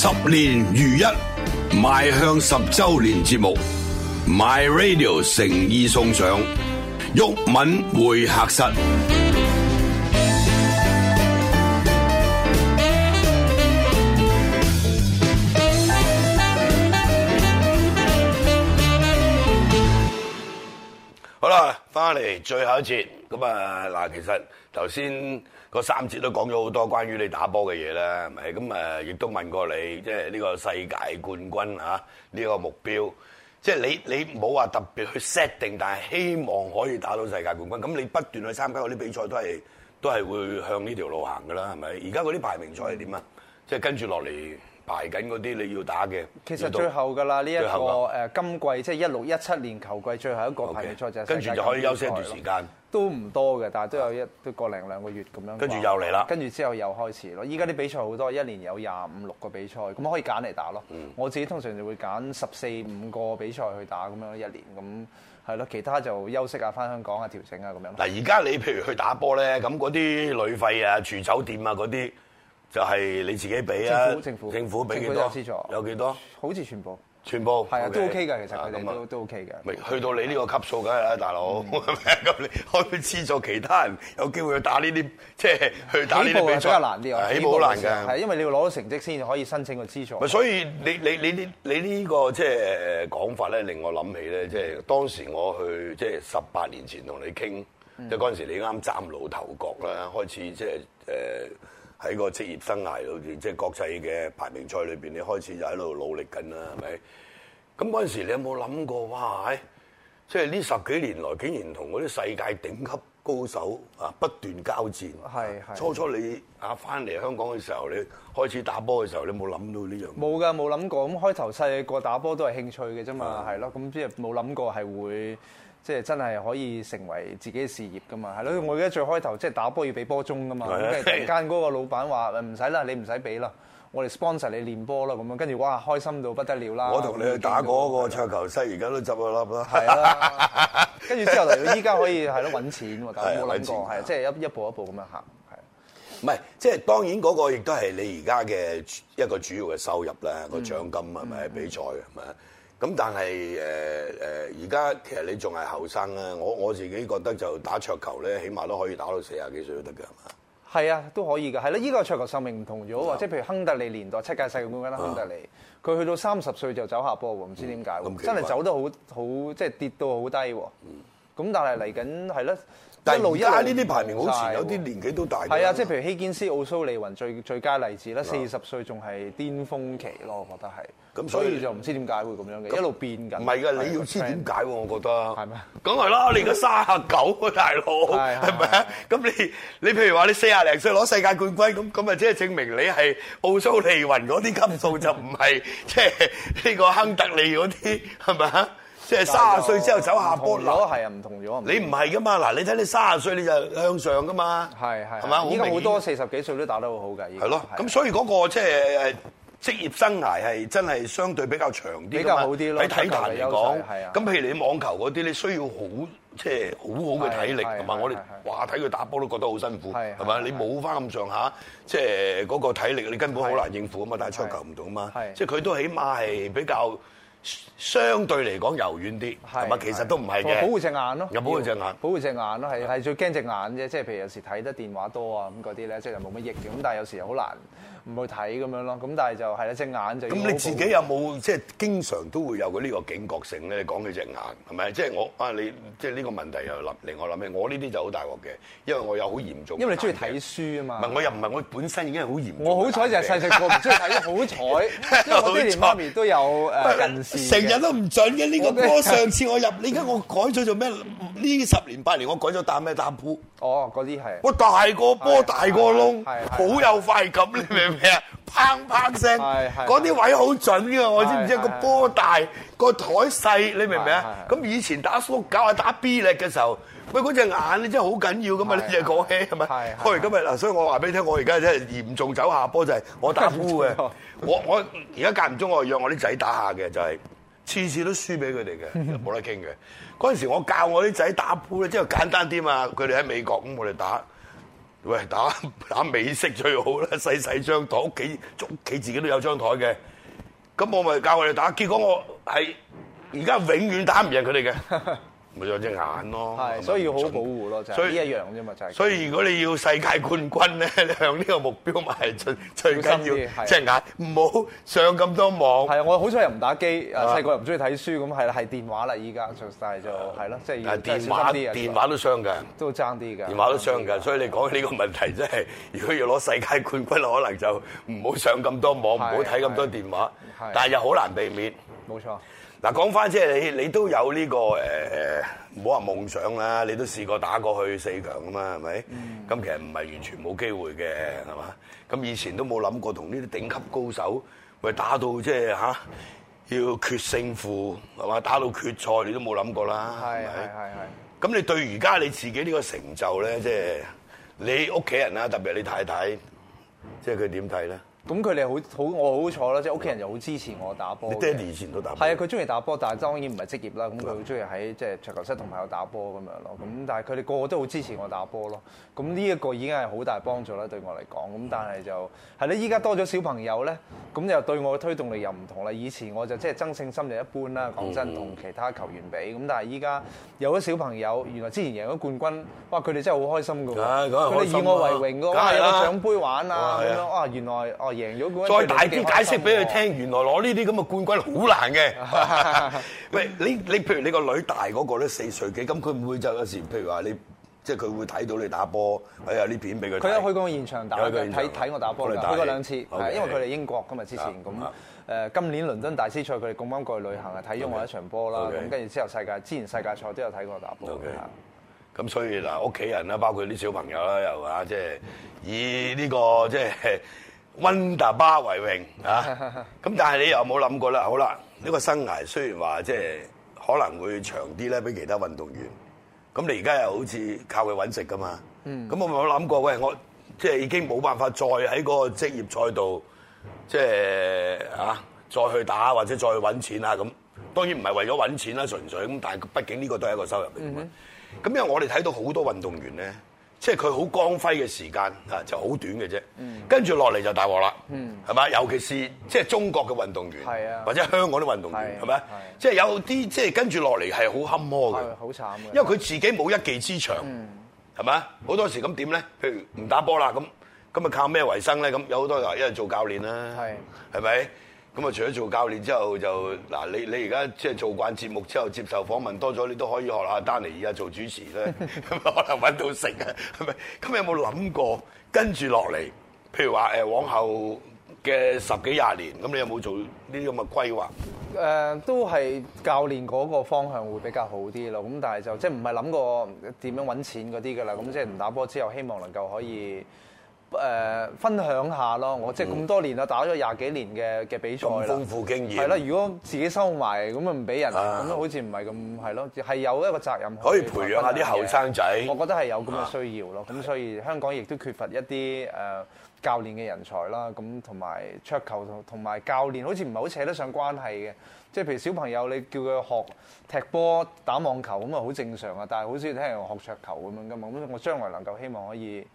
十年如一，邁向十周年節目，My Radio 誠意送上，毓民會客室。好啦，翻嚟最後一節咁啊！嗱，其實頭先嗰三節都講咗好多關於你打波嘅嘢啦，係咪？咁啊，亦都問過你，即係呢個世界冠軍啊，呢個目標，即係你你冇話特別去 set 定，但係希望可以打到世界冠軍。咁你不斷去參加嗰啲比賽，都係都係會向呢條路行噶啦，係咪？而家嗰啲排名賽係點啊？即係跟住落嚟。排緊嗰啲你要打嘅，其實最後噶啦呢一個最後、呃、今季即係一六一七年球季最後一個排名賽就係跟住就可以休息一段時間，時間 都唔多嘅，但係都有一都是的 個零兩個月咁樣。跟住又嚟啦，跟住之後又開始咯。依家啲比賽好多，是的 一年有廿五六個比賽，咁可以揀嚟打咯。嗯、我自己通常就會揀十四五個比賽去打咁樣一年，咁係咯，其他就休息啊，翻香港啊，調整啊咁樣。嗱，而家你譬如去打波咧，咁嗰啲旅費啊、住酒店啊嗰啲。就係你自己俾啊，政府政府俾幾多資助？有幾多？好似全部。全部係啊，都 OK 㗎，其實佢咁啊都 OK 嘅。咪去到你呢個級數梗係啦，大佬咁你可以資助其他人有機會去打呢啲，即係去打呢啲比賽。起步難啲啊，起步好難㗎。係因為你要攞到成績先至可以申請個資助。所以你你你呢你呢個即係講法咧，令我諗起咧，即係當時我去即係十八年前同你傾，即係嗰時你啱嶄露頭角啦，開始即係誒。喺個職業生涯裏邊，即係國際嘅排名賽裏邊，你開始就喺度努力緊啦，係咪？咁嗰陣時，你有冇諗過哇？即係呢十幾年來，竟然同嗰啲世界頂級高手啊不斷交戰。係係。初初你啊翻嚟香港嘅時候，你開始打波嘅時候，你冇諗到呢樣？冇噶，冇諗過。咁開頭細個打波都係興趣嘅啫嘛，係咯是的。咁即係冇諗過係會。即係真係可以成為自己嘅事業噶嘛？係咯，嗯、我記得最開頭即係打波要俾波鐘噶嘛。跟是的 突然間嗰個老闆話：唔使啦，你唔使俾啦，我哋 sponsor 你練波啦。咁樣跟住哇，開心到不得了啦！我同你去打嗰個桌球室，而家都執咗笠啦。係啦吧，跟住之後嚟到依家可以係咯揾錢喎，搞到冇諗過，係即係一一步一步咁樣行。係唔係即係當然嗰個亦都係你而家嘅一個主要嘅收入啦，嗯、個獎金係咪比賽係咪？嗯咁但係誒誒，而、呃、家、呃、其實你仲係後生啦。我我自己覺得就打桌球咧，起碼都可以打到四十幾歲都得㗎。係嘛？係啊，都可以㗎。係啦，依、這個桌球壽命唔同咗喎。即係是的 譬如亨特利年代七屆世界冠軍啦，亨特利佢是的 去到三十歲就走下坡喎，唔知點解、嗯、真係走得好好，即係跌到好低喎。嗯。咁但係嚟緊係咧，一路加呢啲排名好似有啲年紀都大。係啊，即係譬如希堅斯奧蘇利雲最最佳例子啦，四十歲仲係巔峯期咯，我覺得係。咁所以就唔知點解會咁樣嘅，一路變緊。唔係噶，你要知點解喎？我覺得係咩？梗係啦，你而家卅九，大佬係咪啊？咁你你譬如話你四廿零歲攞世界冠軍，咁咁咪即係證明你係奧蘇利雲嗰啲級數就唔係即係呢個亨特利嗰啲係咪啊？即係卅歲之後走下坡路，係啊，唔同咗。你唔係噶嘛？嗱，你睇你卅歲你就向上噶嘛。係係，係嘛？依家好多四十幾歲都打得好好㗎。係咯。咁所以嗰、那個即係、就是、職業生涯係真係相對比較長啲。比較好啲咯。喺體能嚟講，咁譬如你網球嗰啲，你需要、就是、好即係好好嘅體力同埋我哋話睇佢打波都覺得好辛苦，係嘛？你冇翻咁上下即係嗰個體力，你根本好難應付啊嘛。但係桌球唔同啊嘛，即係佢都起碼係比較，相對嚟講柔軟啲，係咪吧其實都唔係嘅，保護隻眼咯，又保護隻眼，保護隻眼咯，係係是的 最驚隻眼啫，即係譬如有時睇得電話多啊，咁嗰啲咧即係又冇乜益嘅，咁但係有時又好難唔去睇咁樣咯，咁但係就係一隻眼就咁，你自己有冇即係經常都會有佢呢個警覺性咧？講佢隻眼係咪？即係我啊，你即係呢個問題又令我諗起，我呢啲就好大鑊嘅，因為我又好嚴重。因為你中意睇書啊嘛。唔係我又唔係，我本身已經係好嚴重。我好彩就係細細個唔中意睇，好彩。因我啲媽咪都有誒近視。成日都唔準嘅呢個波。上次我入，你而家我改咗做咩？呢十年八年我改咗戴咩？戴箍。哦，嗰啲係。我大個波，大個窿，好有快感，你明？係啊，砰砰聲，嗰啲位好準㗎，我知唔知啊？個波大，個台細，你明唔明啊？咁以前打縮搞啊，打 B 力嘅時候，喂，嗰隻眼咧真係好緊要㗎嘛？你又講起係咪？係。去今日嗱，所以我話俾你聽，我而家真係嚴重走下坡，就係我打鋪嘅。我我而家間唔中，我約我啲仔打下嘅，就係次次都輸俾佢哋嘅，冇得傾嘅。嗰陣時我教我啲仔打鋪咧，即係簡單啲嘛，佢哋喺美國咁，我哋打。喂，打打美式最好啦，細細張台，屋企屋企自己都有張台嘅，咁我咪教佢哋打，結果我係而家永遠打唔贏佢哋嘅。 咪有隻眼咯，係，所以要好保護咯，就呢一樣啫嘛，就係。所以如果你要世界冠軍咧，你向呢個目標咪係最最緊要。即隻眼唔好上咁多網。係啊，我好彩又唔打機，啊，細個又唔中意睇書，咁係啦，係電話啦依家，就晒就係咯，即係。啊，電話啲人，電話都傷㗎，都爭啲㗎，電話都傷㗎。所以你講呢個問題真係，如果要攞世界冠軍，可能就唔好上咁多網，唔好睇咁多電話，但係又好難避免。冇錯。嗱，講翻即係你，你都有呢、呢個誒唔好話夢想啦，你都試過打過去四強啊嘛，係咪？咁、嗯、其實唔係完全冇機會嘅，係嘛？咁以前都冇諗過同呢啲頂級高手，咪打到即係吓，要決勝負，係嘛？打到決賽你都冇諗過啦，係咪？咁你對而家你自己呢個成就咧，即係、嗯、你屋企人啊，特別係你太太，即係佢點睇咧？咁佢哋好好，我好彩啦，即係屋企人又好支持我打波。你爹哋以前都打波？係啊，佢中意打波，但係當然唔係職業啦。咁佢好中意喺即係桌球室同朋友打波咁樣咯。咁但係佢哋個個都好支持我打波咯。咁呢一個已經係好大幫助啦，對我嚟講，咁但係就係咧，依家多咗小朋友咧，咁又對我嘅推動力又唔同啦。以前我就即係爭勝心就一般啦。講真，同其他球員比咁，但係依家有咗小朋友，原來之前贏咗冠軍，哇！佢哋真係好開心㗎。佢以我為榮㗎。哇！有獎杯玩啊咁樣，哇！原來。再大啲解釋俾佢聽，原來攞呢啲咁嘅冠軍好難嘅。喂，你你譬如你個女大嗰個咧，四歲幾，咁佢唔會就有時，譬如話你，即係佢會睇到你打波。哎呀，呢片俾佢。佢有去過現場打，睇睇我打波，去過兩次。因為佢哋英國咁啊，之前咁誒，今年倫敦大師賽佢哋咁啱過去旅行啊，睇咗我一場波啦。咁跟住之後世界，之前世界賽都有睇我打波。咁所以嗱，屋企人啦，包括啲小朋友啦，又話，即係以呢個即係，溫大巴為榮啊！咁 但係你又冇諗過啦？好啦，呢、呢個生涯雖然話即係可能會長啲咧，俾其他運動員。咁你而家又好似靠佢搵食噶嘛？咁、嗯、我有冇諗過？喂，我即係已經冇辦法再喺個職業賽度，即係啊，再去打或者再去搵錢啊？咁當然唔係為咗搵錢啦，純粹咁。但係畢竟呢個都係一個收入嚟嘅。咁、嗯嗯、因為我哋睇到好多運動員咧。即係佢好光輝嘅時間啊，就好短嘅啫。跟住落嚟就大鑊啦，係嘛？尤其是即係中國嘅運，是的 運動員，或者香港啲運動員，係咪是的？即係有啲即係跟住落嚟係好坎坷嘅，好慘嘅，因為佢自己冇一技之長，係嘛？嗯、好多時咁點咧？譬如唔打波啦，咁咁咪靠咩為生咧？咁有好多又一為做教練啦，係咪是的？咁啊，除咗做教練之後，就嗱，你你而家即係做慣節目之後，接受訪問多咗，你都可以學下丹尼而家做主持咧，咁 可能揾到食啊，係咪？咁你有冇諗過跟住落嚟？譬如話往後嘅十幾廿年，咁你有冇做呢啲咁嘅規劃？呃，都係教練嗰個方向會比較好啲咯。咁但係就即係唔係諗過點樣揾錢嗰啲㗎啦？咁即係唔打波之後，希望能夠可以。誒、呃、分享下咯，我即係咁多年啦，嗯、打咗廿幾年嘅嘅比賽啦，豐富經驗，係啦，如果自己收埋，咁啊唔俾人，咁啊好似唔係咁，係咯，係有一個責任可以，可以培養下啲後生仔。我覺得係有咁嘅需要咯，咁係、啊、所以香港亦都缺乏一啲誒、呃、教練嘅人才啦，咁同埋桌球同埋教練好似唔係好扯得上關係嘅，即係譬如小朋友你叫佢學踢波、打網球咁啊，好正常啊，但係好少聽人學桌球咁樣噶嘛，咁我將來能夠希望可以。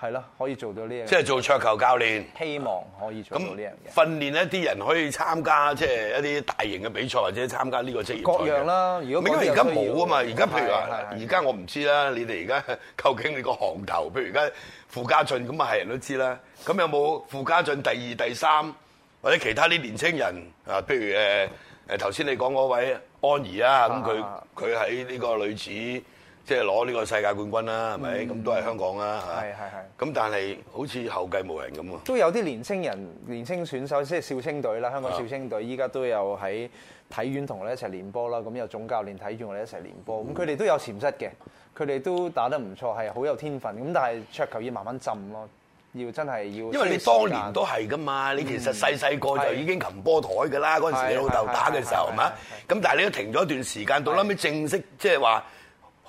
係啦，可以做到呢樣。即係做桌球教練，希望可以做到呢樣嘢。訓練一啲人可以參加，即係一啲大型嘅比賽，或者參加呢個職業。各樣啦，如果樣，因為而家冇啊嘛，而家要譬如話，而家我唔知啦，你哋而家究竟你個行頭，譬如而家傅家俊咁啊，係人都知啦。咁有冇傅家俊第二、第三或者其他啲年青人啊？譬如誒誒頭先你講嗰位安儀啊，咁佢佢喺呢個女子。即係攞呢個世界冠軍啦，係咪？咁、嗯嗯、都係香港啦嚇。係係咁，但係好似後繼無人咁喎。都有啲年青人、年青選手，即係少青隊啦，香港少青隊，依家都有喺體院同我哋一齊練波啦。咁有總教練睇住我哋一齊練波。咁佢哋都有潛質嘅，佢哋都打得唔錯，係好有天分。咁但係桌球要慢慢浸咯，要真係要。因為你當年都係㗎嘛，你其實細細個就已經擒波台㗎啦。嗰陣、嗯、時你老豆打嘅時候係咪啊？咁吧但係你都停咗一段時間，到撚尾正式即係話。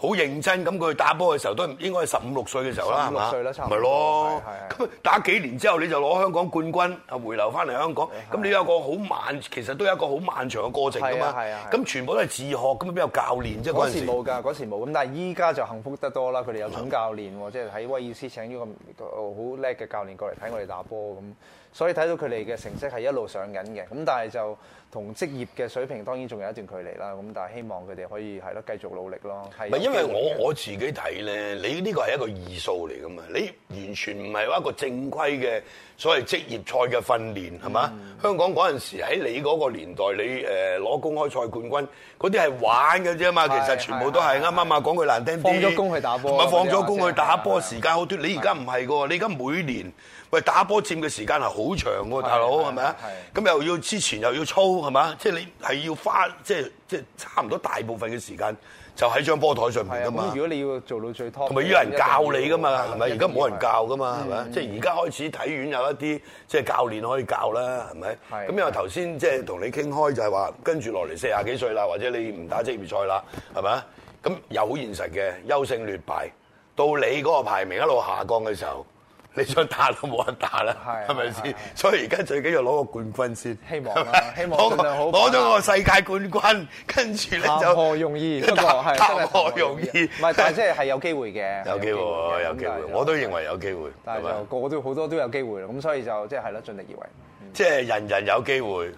好認真咁，佢打波嘅時候都應該係十五六歲嘅時候啦，十五六歲啦，差唔多，咪咯，是是是打幾年之後你就攞香港冠軍，回流翻嚟香港，咁是是 你有個個好漫，其實都有一個好漫長嘅過程㗎嘛。咁全部都係自學，咁邊有教練即嗰陣時？嗰時冇㗎，嗰時冇。咁但係依家就幸福得多啦。佢哋有請教練喎，即係喺威爾斯請咗個好叻嘅教練過嚟睇我哋打波咁。所以睇到佢哋嘅成績係一路上緊嘅，咁但係就同職業嘅水平當然仲有一段距離啦。咁但係希望佢哋可以係咯繼續努力咯。係因為我我自己睇咧，你呢個係一個異數嚟㗎嘛，你完全唔係話一個正規嘅所謂職業賽嘅訓練係嘛？嗯、香港嗰陣時喺你嗰個年代，你攞、呃、公開賽冠軍嗰啲係玩嘅啫嘛，是其實全部都係啱啱啊！啱啱講句難聽啲，放咗工去打波，放咗工去打波時間好短。你而家唔係喎，你而家每年。喂，打波佔嘅時間係好長喎，大佬係咪啊？咁又要之前又要操係嘛？即係你係要花即係即係差唔多大部分嘅時間，就喺張波台上面㗎嘛。如果你要做到最，拖，同埋要人教你㗎嘛，係咪？而家冇人教㗎嘛，係咪？即係而家開始體院有一啲即係教練可以教啦，係咪？咁因為頭先即係同你傾開就係話，跟住落嚟四廿幾歲啦，或者你唔打職業賽啦，係咪？咁又好現實嘅，優勝劣敗，到你嗰個排名一路下降嘅時候。你想打都冇得打啦，係咪先？所以而家最緊要攞個冠軍先，希望係希望攞攞咗個世界冠軍，跟住你就何容易？真係，係係何容易？唔係，但係即係係有機會嘅，有機會，有機會，我都認為有機會。但係個個都好多都有機會，咁所以就即係係啦，盡力而為。即係人人有機會。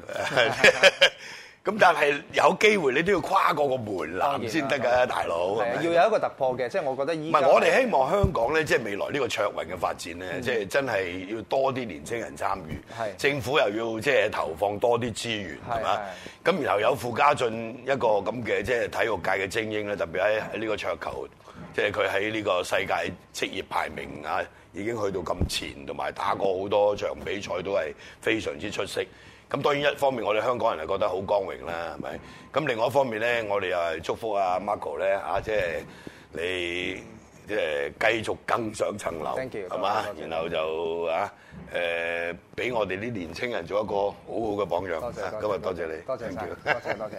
咁但係有機會，你都要跨過個門檻先得㗎，大佬。要有一個突破嘅，即係我覺得依。唔係我哋希望香港咧，即係未來呢個桌球嘅發展咧，即係真係要多啲年青人參與。政府又要即係投放多啲資源，係嘛？咁然後有傅家俊一個咁嘅即係體育界嘅精英咧，特別喺喺呢個桌球，即係佢喺呢個世界職業排名啊，已經去到咁前，同埋打過好多場比賽都係非常之出色。咁當然一方面，我哋香港人係覺得好光榮啦，係咪？咁另外一方面咧，我哋又係祝福 Marco，阿 Marco 咧，嚇即係你即係繼續更上層樓，Thank you，係嘛？然後就啊誒俾我哋啲年青人做一個好好嘅榜樣。今日多謝你。多謝多謝。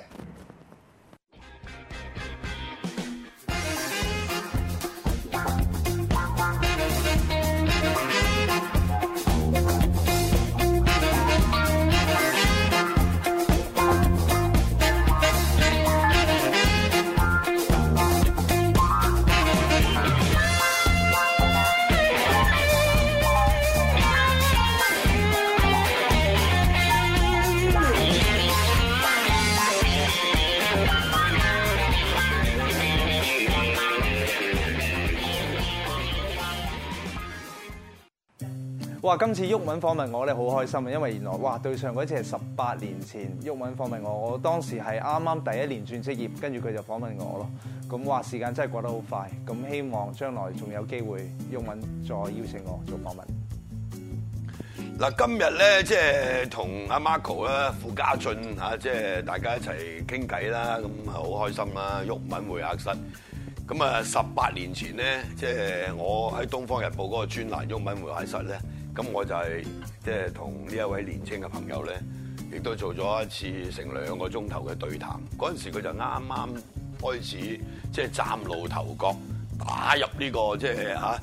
今次毓民訪問我咧，好開心啊！因為原來哇，對上嗰次係十八年前毓民訪問我，我當時係啱啱第一年轉職業，跟住佢就訪問我咯。咁哇，時間真係過得好快，咁希望將來仲有機會毓民再邀請我做訪問。嗱，今日咧即係同阿 Marco 啦、傅家俊啊，即係大家一齊傾偈啦，咁好開心啊。毓民會客室，咁啊十八年前咧，即係我喺《東方日報》嗰個專欄毓民會客室咧。咁我就係即係同呢一位年青嘅朋友咧，亦都做咗一次成兩個鐘頭嘅對談。嗰陣時佢就啱啱開始即係、就是、嶄露頭角，打入呢、這個即係、就是啊、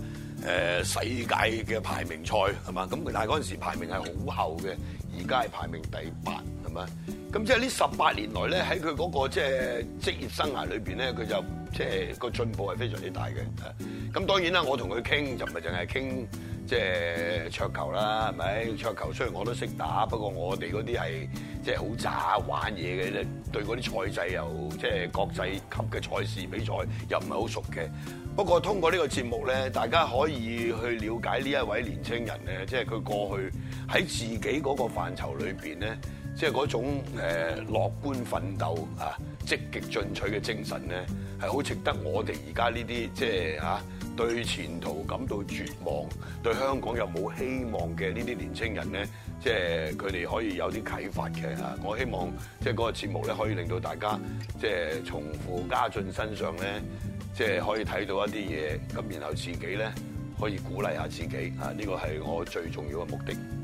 世界嘅排名賽係嘛？咁但係嗰陣時排名係好後嘅，而家係排名第八係嘛？咁即係呢十八年來咧，喺佢嗰個即係、就是、職業生涯裏面咧，佢就即係個進步係非常之大嘅。咁當然啦，我同佢傾就唔係淨係傾。即係桌球啦，係咪？桌球雖然我都識打，不過我哋嗰啲係即係好渣玩嘢嘅，對嗰啲賽制又即係國際級嘅賽事比賽又唔係好熟嘅。不過通過呢個節目咧，大家可以去了解呢一位年青人咧，即係佢過去喺自己嗰個範疇裏面咧，即係嗰種誒樂觀奮鬥啊、積極進取嘅精神咧，係好值得我哋而家呢啲即係嚇。對前途感到絕望，對香港又冇希望嘅呢啲年青人咧，即係佢哋可以有啲啟發嘅嚇。我希望即係嗰個節目咧，可以令到大家即係從傅家俊身上咧，即係可以睇到一啲嘢，咁然後自己咧可以鼓勵下自己嚇。呢個係我最重要嘅目的。